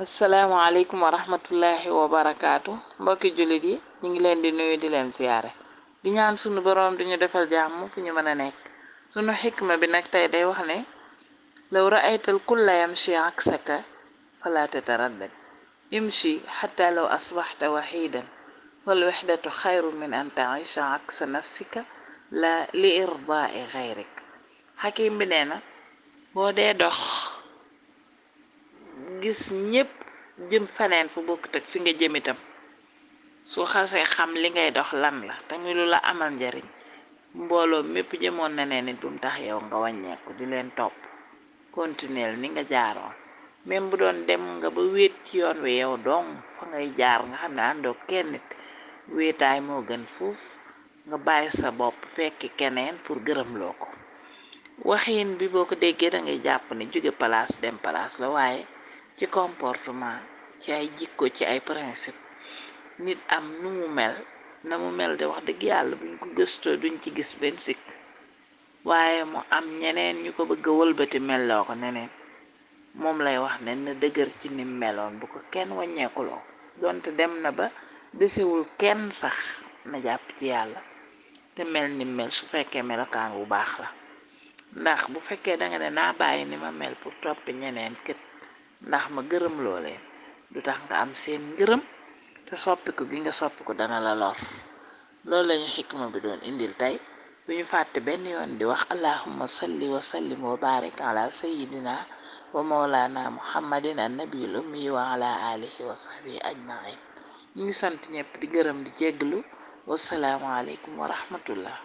asalaamualeykum wa rahmatullahi wa barakaatu mbokki jullit yi ñu ngi leen di nuyu di leen ziyaare di ñaan sunu boroom di ñu defal jàmm fu ñu mën a nekk sunu xikma bi nag tey day wax ne law raaytal kulla yamshi aksaka fala tataraddad imshi xata law asbaxta waxidan falwaxdatu xayru min an taisha aksa nafsika la li irdaai xayrik xakim bi nee na boo dee dox gis ñépp jëm faneen fu bokkut ak fi nga jëmitam itam su xasee xam li ngay dox lan la tamit lu la amal njariñ mbooloo mépp jëmoon na ne ni bu tax yow nga wàññeeku di leen topp continuel ni nga jaaroon même bu doon dem nga ba wéet ci yoon wi yow dong fa ngay jaar nga xam ne àndoo kenn nit wéetaay moo gën fuuf nga bàyyi sa bopp fekk keneen pour gërëm loo ko waxiin bi boo ko déggee da jàpp ne jóge palaas dem palaas la waaye ci comportement ci ay jikko ci ay principe nit am nu mu mel na mu mel de wax dëgg yàlla buñ ko gëstoo duñ ci gis benn sikk waaye mu am ñeneen ñu ko bëgg a wëlbati melloo ko neneen moom lay wax ne na dëgër ci ni meloon bu ko kenn wàññeekuloo donte dem na ba desewul kenn sax na jàpp ci yàlla te mel ni mel su fekkee melokaan bu baax la ndax bu fekkee da nga naa bàyyi ni ma mel pour toppi ñeneen kët ndax ma gërëm loole du tax nga am seen ngërëm te soppiku gi nga soppiku dana la lor loolu lañu xikma bi doon indil tey bu ñu fàtte benn yoon di wax allahumma salli wa sallim wa barik ala sayidina wa mawlana muhammadin annabiyul ummi wa ala alihi wa sahbihi ajmain ñu ngi sant ñëpp di gërëm di jéglu wasalaamu aleykum wa rahmatullah